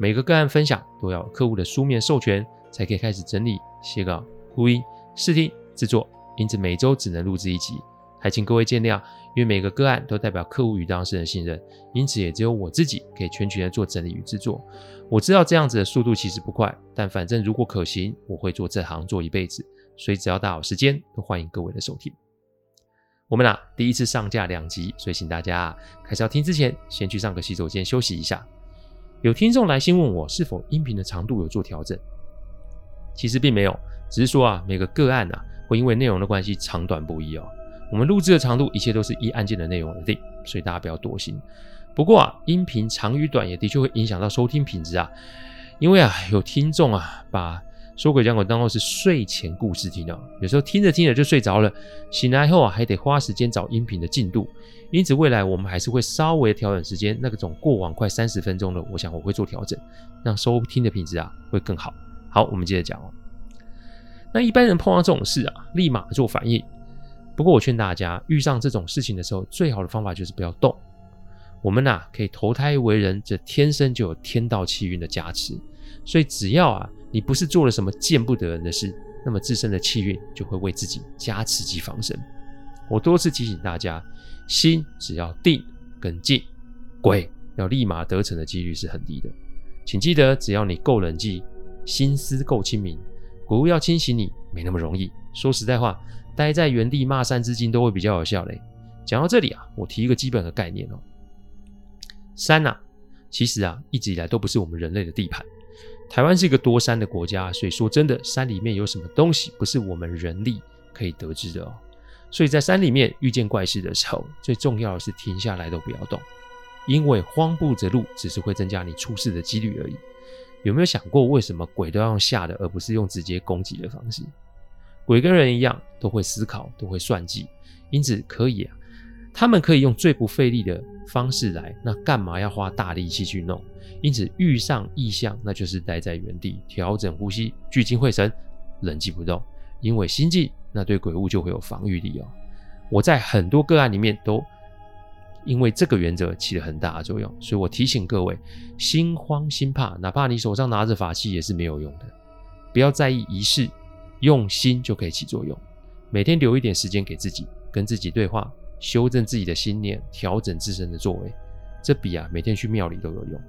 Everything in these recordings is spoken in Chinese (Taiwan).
每個個案分享都要有客戶的書面授權，才可以開始整理、寫稿、錄音、試聽、制作，因此每週只能錄制一集，還請各位見諒，因為每個個案都代表客戶與當事人信任，因此也只有我自己可以全權做整理與制作。我知道這樣子的速度其實不快，但反正如果可行，我會做這行做一輩子。所以只要大好時間，都歡迎各位的收聽。我們啊第一次上架兩集，所以請大家、啊、開始要聽之前，先去上個洗手間休息一下。有聽眾來信問我是否音頻的長度有做調整，其實並沒有，只是說啊，每個個案啊會因為內容的關係長短不一哦。我們錄製的長度一切都是依案件的內容而定，所以大家不要多心。不過啊，音頻長與短也的確會影響到收聽品質啊，因為啊，有聽眾啊把。說鬼講鬼，當作是睡前故事聽到，啊，有時候聽着聽着就睡着了，醒來後啊還得花時間找音頻的進度，因此未來我們還是會稍微調整時間，那個總過往快三十分鐘了，我想我會做調整，讓收聽的品質啊會更好。好，我們接着講哦。那一般人碰到這種事啊，立馬做反應。不過我勸大家，遇上這種事情的時候，最好的方法就是不要動。我們啊可以投胎為人，這天生就有天道氣運的加持。所以，只要啊，你不是做了什麼見不得人的事，那麼自身的氣運就會為自己加持及防身。我多次提醒大家，心只要定跟靜，鬼要立馬得逞的幾率是很低的。請記得，只要你夠冷靜，心思夠清明，鬼物要侵襲你沒那麼容易。說實在話，待在原地罵三字經都會比較有效嘞。講到這裡啊，我提一個基本的概念哦，山啊，其實啊，一直以來都不是我們人類的地盤。台灣是一個多山的國家，所以說真的山裡面有什麼東西，不是我們人力可以得知的哦。所以在山裡面遇見怪事的時候，最重要的是停下來都不要動，因為慌不擇路只是會增加你出事的幾率而已。有沒有想過為什麼鬼都要用嚇的，而不是用直接攻擊的方式？鬼跟人一樣，都會思考，都會算計，因此可以啊。他們可以用最不費力的方式來，那幹嘛要花大力氣去弄？因此遇上異象，那就是待在原地，調整呼吸，聚精會神，冷靜不動。因為心悸，那對鬼物就會有防禦力哦。我在很多個案裡面都因為這個原則起了很大的作用，所以我提醒各位：心慌心怕，哪怕你手上拿着法器也是沒有用的。不要在意儀式，用心就可以起作用。每天留一點時間給自己，跟自己對話。修正自己的心念，調整自身的作為，這筆啊，每天去廟裡都有用。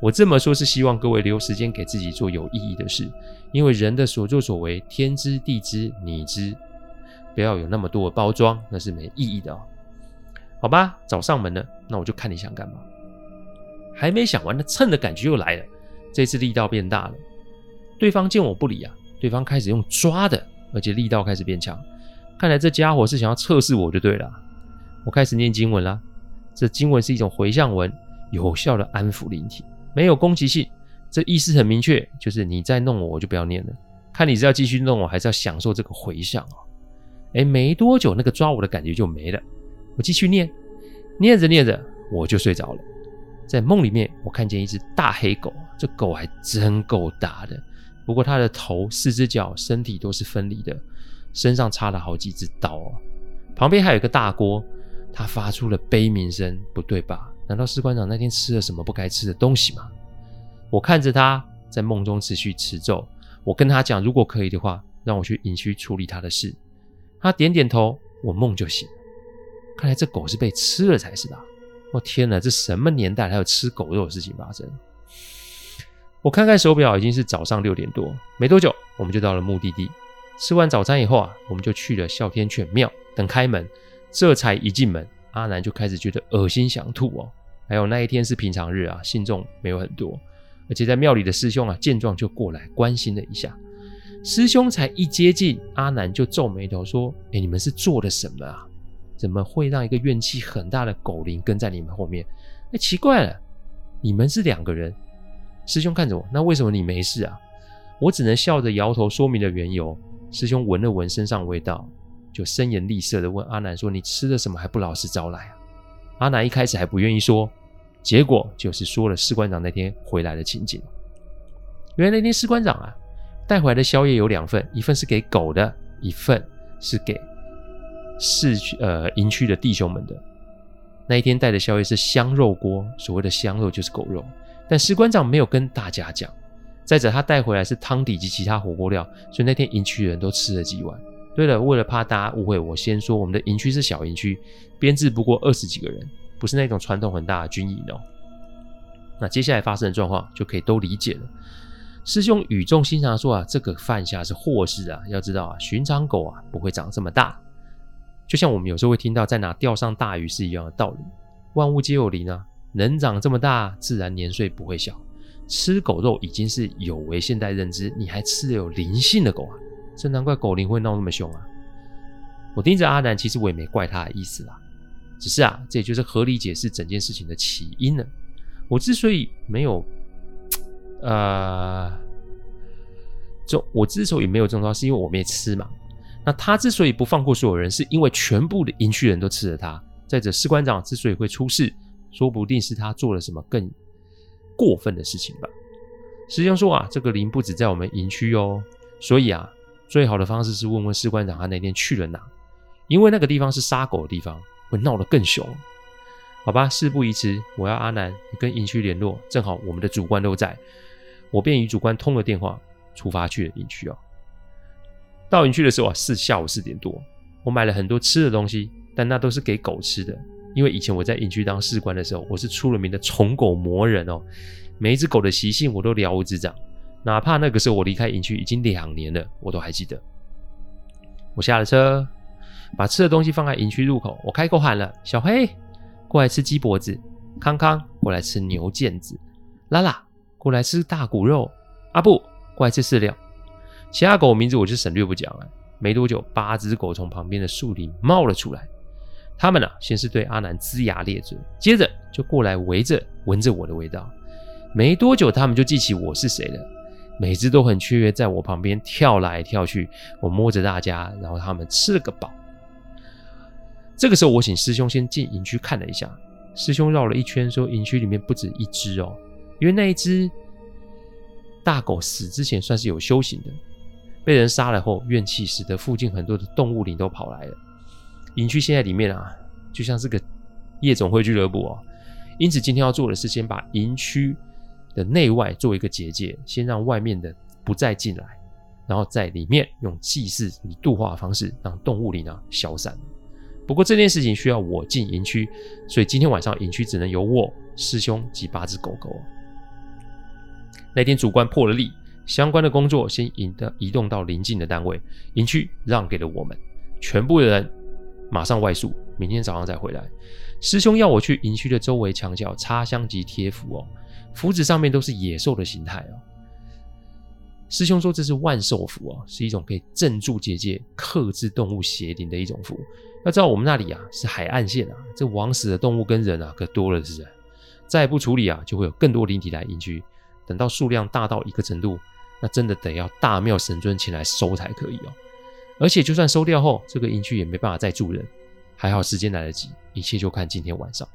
我這麼說，是希望各位留時間給自己做有意義的事，因為人的所作所為，天知地知你知，不要有那麼多的包裝，那是沒意義的哦。好吧，找上門了，那我就看你想幹嘛。還沒想完，那蹭的感覺又來了，這次力道變大了。對方見我不理啊，對方開始用抓的，而且力道開始變強，看來這家伙是想要測試我就對了。我開始念經文啦，這經文是一種回向文，有效的安撫靈體，沒有攻擊性。這意思很明確，就是你再弄我，我就不要念了。看你是要繼續弄我，還是要享受這個回向哦。誒，沒多久，那個抓我的感覺就沒了。我繼續念，念着念着我就睡着了。在夢裡面，我看見一隻大黑狗，這狗還真夠大的。不過它的頭、四隻腳、身體都是分離的，身上插了好幾隻刀哦。旁邊還有一個大鍋。他發出了悲鳴聲，不對吧？難道士官長那天吃了什麼不該吃的東西嗎？我看着他在夢中持續持咒，我跟他講，如果可以的話，讓我去營區處理他的事。他點點頭，我夢就醒了。看來這狗是被吃了才是吧？我天哪，這什麼年代還有吃狗肉的事情發生？我看看手表，已經是早上六點多，沒多久我們就到了目的地。吃完早餐以後啊，我們就去了哮天犬廟等開門，這才一進門。阿南就開始覺得噁心，想吐哦。還有那一天是平常日啊，信眾沒有很多，而且在廟裡的師兄啊，見狀就過來關心了一下。師兄才一接近，阿南就皺眉頭說：“哎、欸，你們是做了什麼啊？怎麼會讓一個怨氣很大的狗靈跟在你們後面？那、欸、奇怪了，你們是兩個人。”師兄看着我，那為什麼你沒事啊？我只能笑着搖頭，說明了緣由。師兄聞了聞身上味道。就疾言厲色地問阿南說：“你吃了什麼還不老實招來啊？”阿南一開始還不願意說，結果就是說了士官長那天回來的情景。原來那天士官長啊帶回來的宵夜有兩份，一份是給狗的，一份是給市區、呃、營區的弟兄們的。那一天帶的宵夜是香肉鍋，所謂的香肉就是狗肉，但士官長沒有跟大家講。再者，他帶回來是湯底及其他火鍋料，所以那天營區的人都吃了幾碗。對了，為了怕大家誤會，我先說，我們的營區是小營區，編制不過二十幾個人，不是那種傳統很大的軍營哦。那接下來發生的狀況就可以都理解了。師兄語重心長說啊，這個犯下是禍事啊，要知道啊，尋常狗啊不會長這麼大，就像我們有時候會聽到在哪釣上大魚是一樣的道理，萬物皆有靈啊，能長這麼大，自然年歲不會小。吃狗肉已經是有違現代認知，你還吃得有靈性的狗啊？這難怪狗靈會鬧那麼兇啊！我盯着阿南，其實我也沒怪他的意思啦，只是啊，這也就是合理解釋整件事情的起因了。我之所以沒有……呃，這我之所以沒有中招，是因為我沒吃嘛。那他之所以不放過所有人，是因為全部的營區人都吃了他。再者，士官長之所以會出事，說不定是他做了什麼更過分的事情吧。師兄說啊，這個靈不止在我們營區哦，所以啊。最好的方式，是問問士官長，他那天去了哪？因為那個地方是殺狗的地方，會鬧得更凶。好吧，事不宜遲，我要阿南跟營區聯絡。正好我們的主官都在，我便與主官通了電話，出發去了營區哦。到營區的時候啊，是下午四點多。我買了很多吃的東西，但那都是給狗吃的。因為以前我在營區當士官的時候，我是出了名的寵狗魔人哦，每一隻狗的習性我都了如指掌。哪怕那個時候我離開營區已經兩年了，我都還記得。我下了車，把吃的東西放在營區入口。我開口喊了：“小黑，過來吃雞脖子；康康，過來吃牛腱子；拉拉，過來吃大骨肉；阿、啊、布，過來吃飼料。”其他狗名字我就省略不講了。沒多久，八隻狗從旁邊的樹林冒了出來。它們呢、啊，先是對阿南齜牙咧嘴，接着就過來圍着聞着我的味道。沒多久，他們就記起我是誰了。每隻都很雀躍，在我旁邊跳來跳去。我摸着大家，然後他們吃了個飽。這個時候，我請師兄先進營區看了一下。師兄繞了一圈，說：“營區裡面不止一隻哦，因為那一隻大狗死之前算是有修行的，被人殺了後，怨氣使得附近很多的動物靈都跑來了。營區現在裡面啊，就像這個夜總會俱樂部哦。因此，今天要做的是先把營區。”的內外做一個結界，先讓外面的不再進來，然後在裡面用祭祀、以度化的方式讓動物靈呢、啊、消散。不過這件事情需要我進營區，所以今天晚上營區只能由我、師兄及八隻狗狗。那天主官破了例，相關的工作先移的移動到鄰近的單位，營區讓給了我們，全部的人馬上外宿，明天早上再回來。師兄要我去營區的周圍牆角插香及貼符哦。符紙上面都是野獸的形態哦。師兄說這是萬獸符啊，是一種可以鎮住結界、克制動物邪靈的一種符。要知道我們那裡啊是海岸線啊，這枉死的動物跟人啊可多了是。再不處理啊，就會有更多靈體來營區。等到數量大到一個程度，那真的得要大廟神尊前來收才可以哦。而且就算收掉後，這個營區也沒辦法再住人。還好時間來得及，一切就看今天晚上，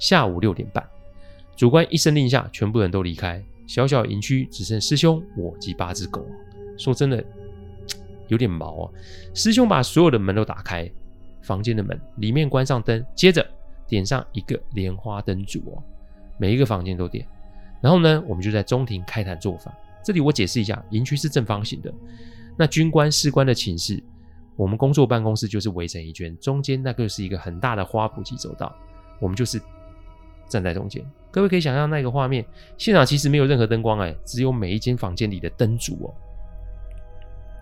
下午六點半。主官一聲令下，全部人都離開。小小營區只剩師兄我及八隻狗。說真的，有點毛啊。師兄把所有的門都打開，房間的門裡面關上燈，接着點上一個蓮花燈燭，每一個房間都點。然後呢，我們就在中庭開壇做法。這裡我解釋一下，營區是正方形的，那軍官、士官的寢室，我們工作辦公室就是圍成一圈，中間那個是一個很大的花圃及走道，我們就是站在中間。各位可以想象那個畫面，現場其實沒有任何燈光哎、欸，只有每一間房間裡的燈燭哦。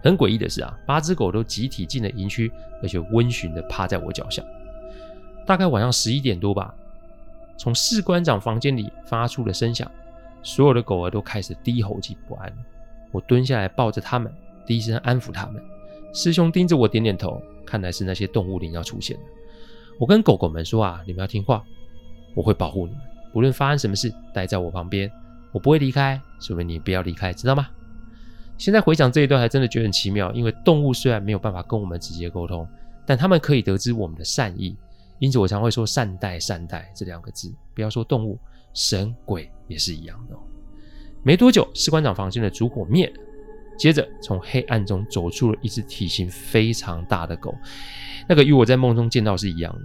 很詭異的是啊，八隻狗都集體進了營區，而且溫馴的趴在我腳下。大概晚上十一點多吧，從士官長房間裡發出了聲響，所有的狗兒都開始低吼及不安。我蹲下來抱着它們，低聲安撫它們。師兄盯着我點點頭，看來是那些動物靈要出現了。我跟狗狗們說啊，你們要聽話，我會保護你們。無論發生什麼事，待在我旁邊，我不會離開，所以你不要離開，知道嗎？現在回想這一段，還真的覺得很奇妙，因為動物雖然沒有辦法跟我們直接溝通，但它們可以得知我們的善意，因此我常會說“善待，善待”這兩個字。不要說動物，神鬼也是一樣的哦。沒多久，士官長房間的燭火滅了，接着從黑暗中走出了一只體型非常大的狗，那個與我在夢中見到是一樣的，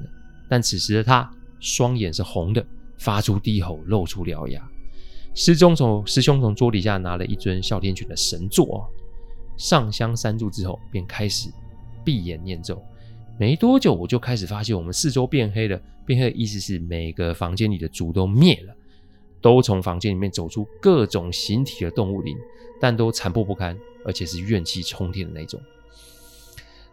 但此時的它雙眼是紅的。發出低吼，露出獠牙。師兄從師兄從桌底下拿了一尊哮天犬的神座，上香三炷之後，便開始閉眼念咒。沒多久，我就開始發現我們四周變黑了。變黑的意思是每個房間裡的燭都滅了，都從房間裡面走出各種形體的動物靈，但都殘破不堪，而且是怨氣沖天的那種。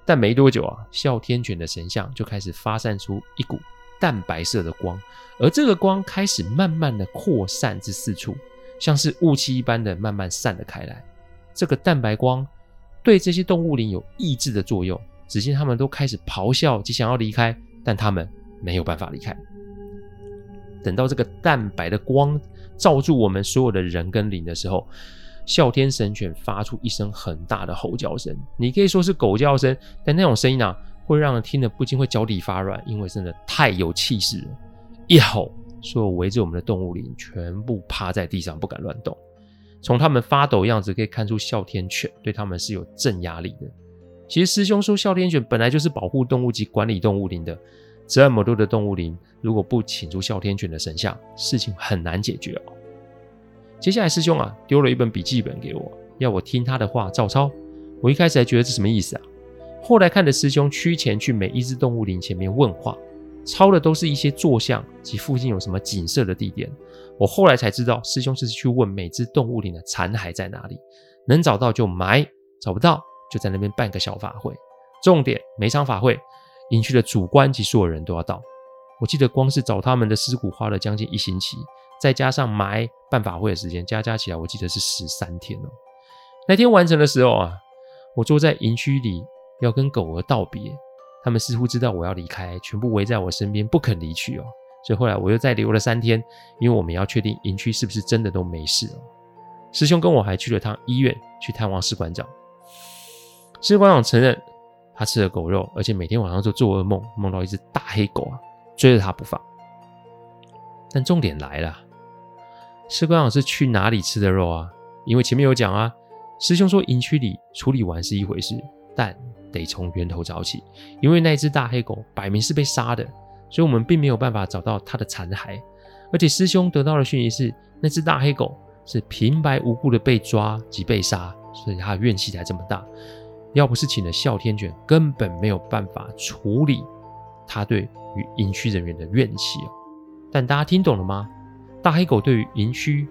但沒多久啊，哮天犬的神像就開始發散出一股。蛋白色的光，而這個光開始慢慢的擴散至四處，像是霧氣一般的慢慢散了開來。這個蛋白光對這些動物靈有抑制的作用，只見他們都開始咆哮即想要離開，但他們沒有辦法離開。等到這個蛋白的光照住我們所有的人跟靈的時候，哮天神犬發出一聲很大的吼叫聲，你可以說是狗叫聲，但那種聲音啊。會讓人聽得不禁會腳底發軟，因為真的太有氣勢了。一吼，所有圍着我們的動物靈全部趴在地上，不敢亂動。從他們發抖樣子可以看出，哮天犬對他們是有鎮壓力的。其實師兄說，哮天犬本來就是保護動物及管理動物靈的。這麼多的動物靈，如果不請出哮天犬的神像，事情很難解決哦。接下來師兄啊，丟了一本筆記本給我，要我聽他的話照抄。我一開始還覺得這什麼意思啊？後來看着師兄趨前去每一只動物靈前面問話，抄的都是一些坐像及附近有什麼景色的地點。我後來才知道，師兄是去問每只動物靈的殘骸在哪裡，能找到就埋，找不到就在那邊辦個小法會。重點，每場法會，營區的主官及所有人都要到。我記得光是找他們的屍骨花了將近一星期，再加上埋辦法會的時間，加加起來，我記得是十三天哦、喔。那天完成的時候啊，我坐在營區裡。要跟狗兒道別，他們似乎知道我要離開，全部圍在我身邊不肯離去哦。所以後來我又再留了三天，因為我們要確定營區是不是真的都沒事哦。師兄跟我還去了趟醫院，去探望士官長。士官長承認他吃了狗肉，而且每天晚上都做噩夢，夢到一隻大黑狗啊追着他不放。但重點來了，士官長是去哪裡吃的肉啊？因為前面有講啊，師兄說營區裡處理完是一回事，但得從源頭找起，因為那只大黑狗擺明是被殺的，所以我們並沒有辦法找到它的殘骸。而且師兄得到的訊息是，那只大黑狗是平白無故的被抓及被殺，所以他的怨氣才這麼大。要不是請了哮天犬，根本沒有辦法處理他對於營區人員的怨氣啊！但大家聽懂了嗎？大黑狗對於營區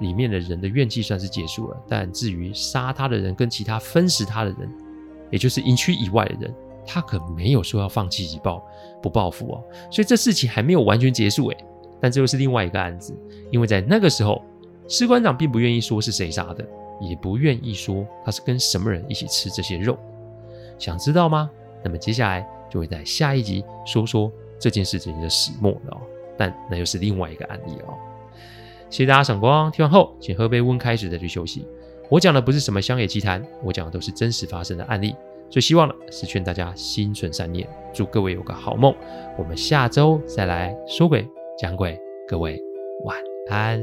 裡面的人的怨氣算是結束了，但至於殺他的人跟其他分食他的人，也就是營區以外的人，他可沒有說要放棄舉報、不報復哦，所以這事情還沒有完全結束誒，但這又是另外一個案子，因為在那個時候，士官長並不願意說是誰殺的，也不願意說他是跟什麼人一起吃這些肉。想知道嗎？那麼接下來就會在下一集說說這件事情的始末了哦。但那又是另外一個案例哦。謝謝大家賞光，聽完後請喝杯溫開水再去休息。我講的不是什麼鄉野奇談，我講的都是真實發生的案例，所以希望呢是勸大家心存善念，祝各位有個好夢，我們下周再來說鬼講鬼，各位晚安。